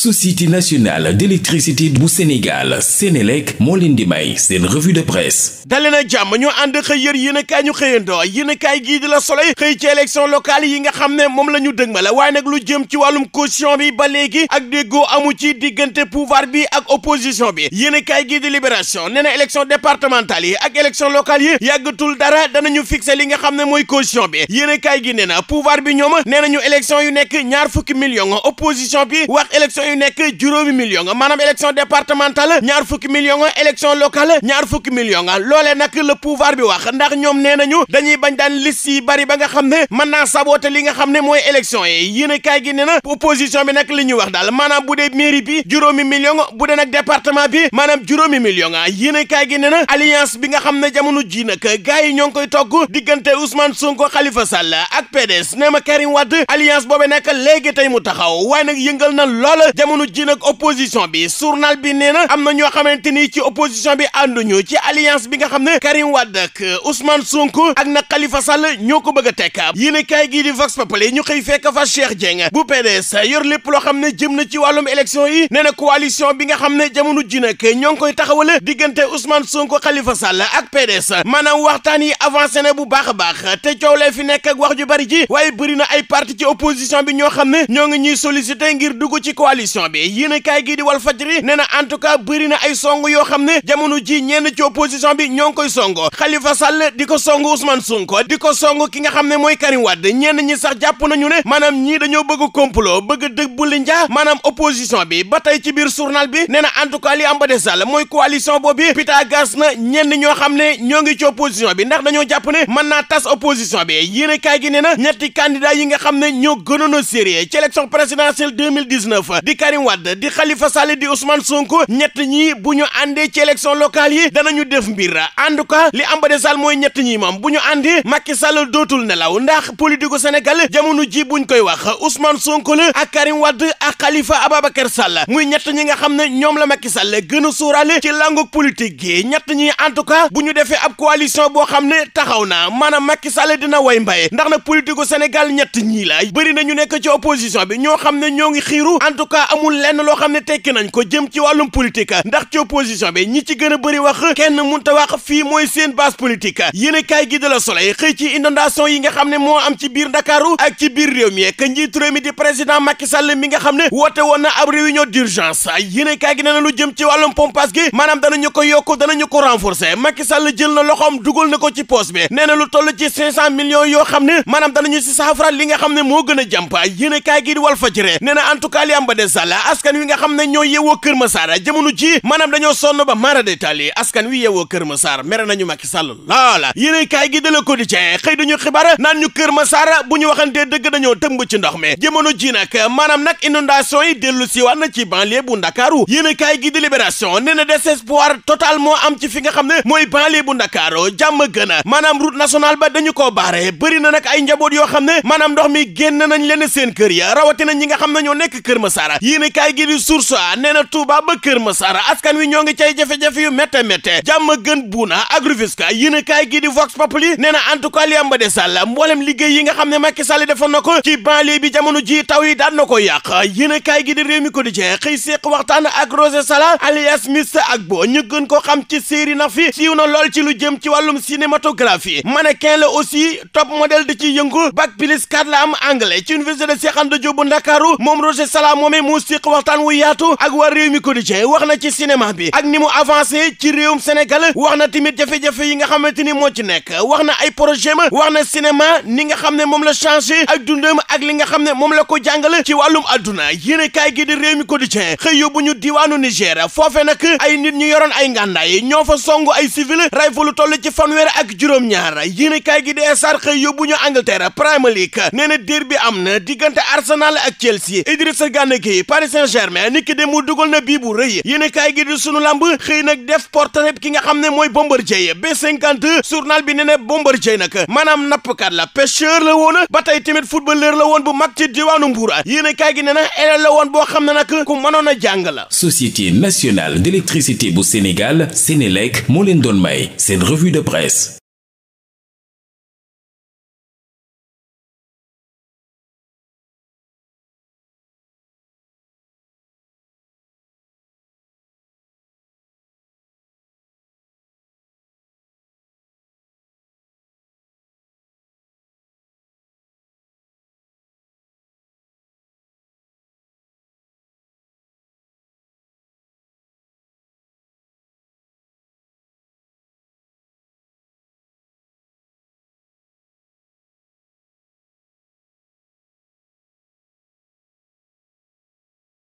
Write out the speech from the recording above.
société nationale d'électricité bu Sénégal Sénélec moo leen di may seen revue de presse dale na jàmm ñu ànd xëy yër yéen a kaay ñu xëyandoo yéen a gii di la Soleil xëy ci élection local yi nga xam ne moom la ñu dëg ma la waaye nag lu jëm ci wàllum caution bi ba léegi ak déggoo amu ci diggante pouvoir bi ak opposition bi yéen a gii di Libération nee na élection départementale yi ak élection locale yi yàggatul dara dana danañu fixé li nga xam ne mooy caution bi yéen a kaay gi nee na bi ñoom nee nañu élection yu nekk ñaar fukki millions yu nekk juróomi million maanaam élection départementale ñaar fukki million élection locale ñaar fukki million loolee nag le pouvoir bi wax ndax ñoom nee nañu dañuy bañ daan liste yi bari ba nga xam ne mën naa saboter li nga xam ne mooy élection yi yéen a kaay gi nee na opposition bi nag li ñuy wax daal maanaam bu dee mairie bi juróomi million bu dee nag département bi maanaam juróomi million yéen a kaay gi nee na alliance bi nga xam ne jamono ji nag gars yi ñoo ngi koy togg diggante Ousmane Sonko Khalifa Sall ak PDS nee ma Karim Wade alliance boobee nag léegi tey mu taxaw waaye nag yëngal na lool jamono ji nag opposition bi journal bi nee na am na ñoo xamante ni ci opposition bi ànduñu ci alliance bi nga xam ne Karim Wade ak Ousmane Sonko ak na Khalifa Sall ñoo ko bëgg a tekk yéen a kaay gii di Vox Populi ñu xëy fekk fa Cheikh Dieng bu PDS yor lépp loo xam ne jëm na ci wàllum élection yi nee na coalition bi nga xam ne jamono ji nag ñoo ngi koy taxawal diggante Ousmane Sonko xalifa Sall ak PDS maanaam waxtaan yi avancé na bu baax a baax te coow lee fi nekk wax ju bari ji waaye bëri na ay parti ci opposition bi ñoo xam ne ñoo ngi ñuy sollicité ngir dugg ci coalition opposition bi yéen a kaay gii di wal fajri nee na en tout cas na ay song yoo xam ne jamono ji ñenn ci opposition bi ñoo ngi koy songo xalifa Sall di ko song Ousmane Sonko di ko song ki nga xam ne mooy Karim Wade ñenn ñi sax jàpp nañu ne maanaam ñii dañoo bëgg complot bëgg dëgg bu njaa maanaam opposition bi ba tey ci biir journal bi nee na en tout cas li am ba des daal mooy coalition pita gas na ñenn ñoo xam ne ñoo ngi ci opposition bi ndax dañoo jàpp ne mën naa tas opposition bi yéen a kaay nga xam ne ñoo gënoon a sérieux ci élection Karim Wade di Khalifa Sall di Ousmane Sonko ñett ñi bu ñu àndee ci élection locale yi ñu def mbir en tout cas li am ba desal mooy ñett ñi moom bu ñu àndi Macky Sall dootul nelaw ndax politique gu Sénégal jamono ji buñ koy wax Ousmane Sonko la ak Karim Wade ak Khalifa Ababacar Sall muy ñett ñi nga xam ne ñoom la Macky Sall gën a suuraale ci langu politique gi ñett ñi en tout cas bu ñu defee ab coalition boo xam ne taxaw na maanaam Macky Sall dina way mbay ndax nag politique gu Sénégal ñett ñii la na ñu nekk ci bi ñoo xam ne ñoo ngi xiiru amul lenn loo xam ne tekki nañ ko jëm ci wàllum politique ndax ci opposition bi ñi ci gën a bëri wax kenn munta wax fii mooy seen base politique yéen kaay gi de la Soleil xëy ci inondation yi nga xam ne moo am ci biir Ndakaaru ak ci biir réew mi ak njiitu réew mi di président Macky Sall mi nga xam ne woote woon na ab réunion d'urgence yéen kaay gi nee lu jëm ci wàllum pompage gi maanaam danañu ko yokk danañu ko renforcer Macky Sall jël na loxoom dugal na ko ci poos bi nee na lu toll ci yoo xam ne maanaam danañu nga xam ne moo gën a jàmpa yéen kaay gi Sall askan wi nga xam ne ñoo yeewoo Kër ma Massar jamono ji maanaam dañoo sonn ba de détail yi askan wi yeewoo Kër ma Massar mere nañu Macky Sall la yéenay kaay gi de la Quotidien xëy dañu xibaar naan ñu Kër Massar bu ñu waxantee dëgg dañoo tëmb ci ndox mi jamono ji nag maanaam nag inondation yi dellu si waat na ci banlieue bu Ndakaaru yéenay kaay gi de Libération nee na désespoir total moo am ci fi nga xam ne mooy banlieue bu Ndakaaru jàmm gën a maanaam route nationale ba dañu koo baare bëri na nag ay njaboot yoo xam ne maanaam ndox mi génn nañ leen seen kër ya rawatina ñi nga xam ne ñoo nekk Kër Massar yéen a kaay gi di Source A nee na Touba ba Kër Massar askan wi ñoo ngi cay jafe-jafe yu métte métte jàmm gën buuna ak Rufisque yéen a kaay gi di Vox Populi nee na en tout cas li am ba de sàll mboolem liggéey nga xam ne Macky Sall defoon na ko ci banlieue bi jamono ji taw yi daan na ko yàq yéen a kaay gi di Rewmi Quotidien xëy séq waxtaan ak Rose Sala alias Miss Agbo ñu gën ko xam ci série nax fi siiw na lool ci lu jëm ci wàllum cinématographie mannequin la aussi top modèle di ci yëngu bac plus 4 la am anglais ci université de Cheikh Anta Diop bu Ndakaaru moom Rose mu siq waxtaan wu yaatu ak waa réew mi quotidien wax na ci cinéma bi ak ni mu avancé ci réewum Sénégal wax na tamit jafe-jafe yi nga xamante ni moo ci nekk wax na ay projet ma wax na cinéma ni nga xam ne moom la changé ak dundam ak li nga xam ne moom la ko jàngale ci wàllum adduna yéen kaay gi di réew mi quotidien xëy yóbbu ñu diwaanu Niger foofe nag ay nit ñu yoroon ay ngàndaay ñoo fa songu ay civil ray fa lu toll ci fanweer ak juróom-ñaar yéen kaay gi di esar xëy yóbbu ñu Angleterre Premier League nee na derby am na diggante Arsenal ak Chelsea Idrissa Gana Gueye yi Paris Saint-Germain niki de mu dugal na bii bu rëy yéenekaay gi di sunu lamb xëy nag def portrait ki nga xam ne mooy Bombardier B52 journal bi ne ne Bombardier nag maanaam nappkat la pêcheur la woona ba tey tamit footballeur la woon bu mag ci diwaanu Mbour yéenekaay gi ne na élève la woon boo xam ne nag ku mënoon a jàng la. Société nationale d'électricité bu Sénégal Sénélec moo leen doon may seen revue de presse.